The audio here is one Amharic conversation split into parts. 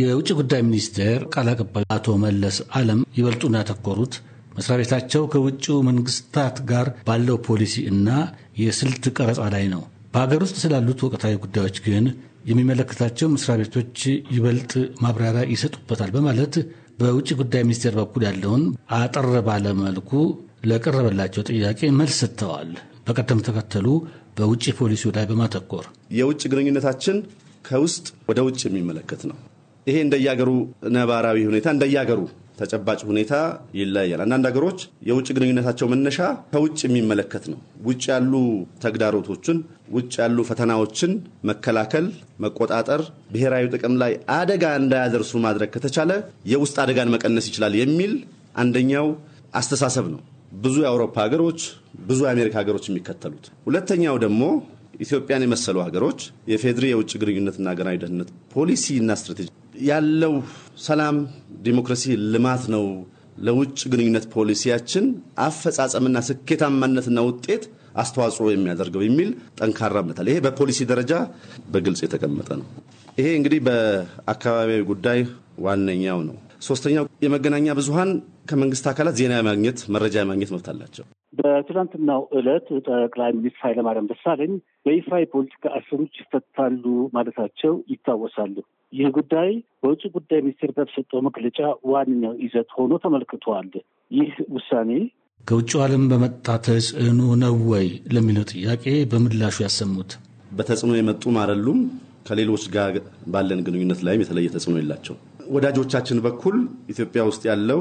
የውጭ ጉዳይ ሚኒስቴር ቃል አቀባይ አቶ መለስ አለም ይበልጡን ያተኮሩት መስሪያ ቤታቸው ከውጭው መንግስታት ጋር ባለው ፖሊሲ እና የስልት ቀረጻ ላይ ነው። በሀገር ውስጥ ስላሉት ወቅታዊ ጉዳዮች ግን የሚመለከታቸው መስሪያ ቤቶች ይበልጥ ማብራሪያ ይሰጡበታል በማለት በውጭ ጉዳይ ሚኒስቴር በኩል ያለውን አጠር ባለ መልኩ ለቀረበላቸው ጥያቄ መልስ ሰጥተዋል። በቀደም ተከተሉ በውጭ ፖሊሲው ላይ በማተኮር የውጭ ግንኙነታችን ከውስጥ ወደ ውጭ የሚመለከት ነው። ይሄ እንደያገሩ ነባራዊ ሁኔታ እንደያገሩ ተጨባጭ ሁኔታ ይለያል። አንዳንድ ሀገሮች የውጭ ግንኙነታቸው መነሻ ከውጭ የሚመለከት ነው። ውጭ ያሉ ተግዳሮቶችን፣ ውጭ ያሉ ፈተናዎችን መከላከል፣ መቆጣጠር፣ ብሔራዊ ጥቅም ላይ አደጋ እንዳያደርሱ ማድረግ ከተቻለ የውስጥ አደጋን መቀነስ ይችላል የሚል አንደኛው አስተሳሰብ ነው። ብዙ የአውሮፓ ሀገሮች፣ ብዙ የአሜሪካ ሀገሮች የሚከተሉት። ሁለተኛው ደግሞ ኢትዮጵያን የመሰሉ ሀገሮች የፌድሪ የውጭ ግንኙነትና ሀገራዊ ደህንነት ፖሊሲ እና ስትራቴጂ ያለው ሰላም፣ ዲሞክራሲ፣ ልማት ነው። ለውጭ ግንኙነት ፖሊሲያችን አፈጻጸምና ስኬታማነትና ውጤት አስተዋጽኦ የሚያደርገው የሚል ጠንካራ እምነት አለ። ይሄ በፖሊሲ ደረጃ በግልጽ የተቀመጠ ነው። ይሄ እንግዲህ በአካባቢያዊ ጉዳይ ዋነኛው ነው። ሶስተኛው የመገናኛ ብዙሃን ከመንግስት አካላት ዜና የማግኘት መረጃ የማግኘት መብት አላቸው። በትናንትናው ዕለት ጠቅላይ ሚኒስትር ኃይለማርያም ደሳለኝ በይፋ የፖለቲካ እስረኞች ይፈታሉ ማለታቸው ይታወሳሉ። ይህ ጉዳይ በውጭ ጉዳይ ሚኒስቴር በተሰጠው መግለጫ ዋነኛው ይዘት ሆኖ ተመልክቷል። ይህ ውሳኔ ከውጭው ዓለም በመጣ ተጽዕኖ ነው ወይ ለሚለው ጥያቄ በምላሹ ያሰሙት በተጽዕኖ የመጡም አይደሉም። ከሌሎች ጋር ባለን ግንኙነት ላይም የተለየ ተጽዕኖ የላቸው። ወዳጆቻችን በኩል ኢትዮጵያ ውስጥ ያለው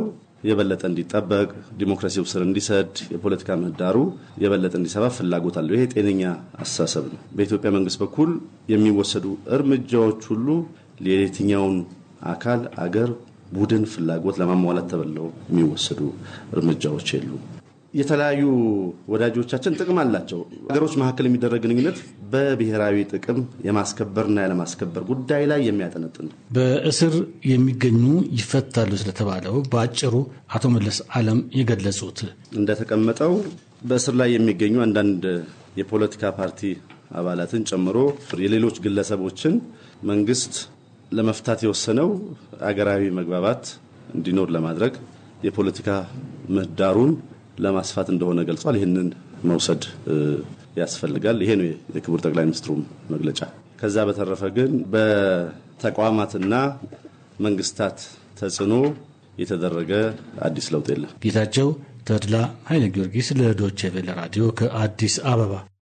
የበለጠ እንዲጠበቅ፣ ዲሞክራሲው ስር እንዲሰድ፣ የፖለቲካ ምህዳሩ የበለጠ እንዲሰባ ፍላጎት አለው። ይሄ ጤነኛ አስተሳሰብ ነው። በኢትዮጵያ መንግስት በኩል የሚወሰዱ እርምጃዎች ሁሉ የየትኛውን አካል አገር ቡድን ፍላጎት ለማሟላት ተብለው የሚወሰዱ እርምጃዎች የሉም። የተለያዩ ወዳጆቻችን ጥቅም አላቸው። ሀገሮች መካከል የሚደረግ ግንኙነት በብሔራዊ ጥቅም የማስከበርና ያለማስከበር ጉዳይ ላይ የሚያጠነጥን ነው። በእስር የሚገኙ ይፈታሉ ስለተባለው በአጭሩ አቶ መለስ አለም የገለጹት እንደተቀመጠው በእስር ላይ የሚገኙ አንዳንድ የፖለቲካ ፓርቲ አባላትን ጨምሮ የሌሎች ግለሰቦችን መንግስት ለመፍታት የወሰነው አገራዊ መግባባት እንዲኖር ለማድረግ የፖለቲካ ምህዳሩን ለማስፋት እንደሆነ ገልጿል። ይህንን መውሰድ ያስፈልጋል። ይሄ ነው የክቡር ጠቅላይ ሚኒስትሩም መግለጫ። ከዛ በተረፈ ግን በተቋማትና መንግስታት ተጽዕኖ የተደረገ አዲስ ለውጥ የለም። ጌታቸው ተድላ ኃይለ ጊዮርጊስ ለዶቼ ቬለ ራዲዮ ከአዲስ አበባ